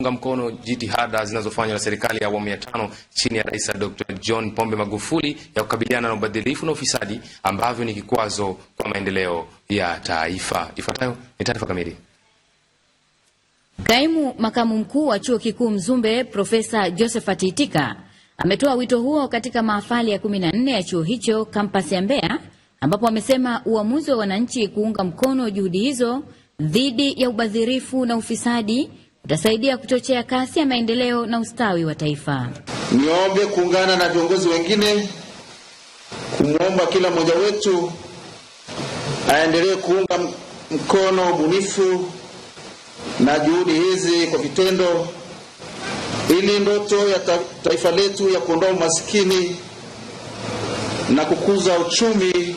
kuunga mkono jitihada zinazofanywa na serikali ya awamu ya tano chini ya Rais Dr. John Pombe Magufuli ya kukabiliana na ubadhirifu na ufisadi ambavyo ni kikwazo kwa maendeleo ya taifa. Ifuatayo ni taarifa kamili. Kaimu makamu mkuu wa Chuo Kikuu Mzumbe, Profesa Josephat Itika ametoa wito huo katika mahafali ya 14 ya chuo hicho kampasi ya Mbeya, ambapo amesema uamuzi wa wananchi kuunga mkono juhudi hizo dhidi ya ubadhirifu na ufisadi utasaidia kuchochea kasi ya maendeleo na ustawi wa taifa. Niombe kuungana na viongozi wengine kumwomba kila mmoja wetu aendelee kuunga mkono ubunifu na juhudi hizi kwa vitendo ili ndoto ya ta taifa letu ya kuondoa umaskini na kukuza uchumi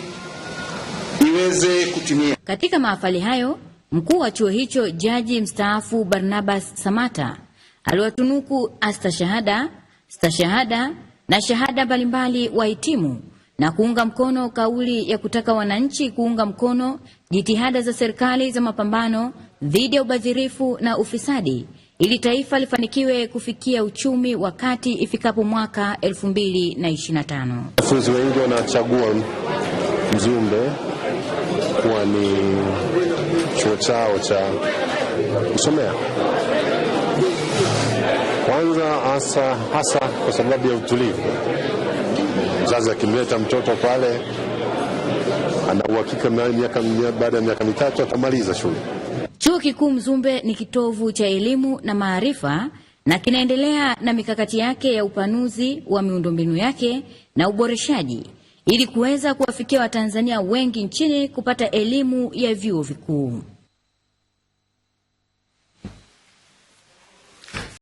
iweze kutimia. Katika mahafali hayo Mkuu wa chuo hicho jaji mstaafu Barnabas Samata aliwatunuku astashahada, stashahada na shahada mbalimbali wahitimu na kuunga mkono kauli ya kutaka wananchi kuunga mkono jitihada za serikali za mapambano dhidi ya ubadhirifu na ufisadi ili taifa lifanikiwe kufikia uchumi wa kati ifikapo mwaka 2025. Wanafunzi wengi wanachagua Mzumbe kuwa ni chuo chao cha kusomea kwanza, hasa hasa kwa sababu ya utulivu. Mzazi akimleta mtoto pale, ana uhakika baada ya miaka mitatu atamaliza shule. Chuo Kikuu Mzumbe ni kitovu cha elimu na maarifa na kinaendelea na mikakati yake ya upanuzi wa miundombinu yake na uboreshaji ili kuweza kuwafikia Watanzania wengi nchini kupata elimu ya vyuo vikuu.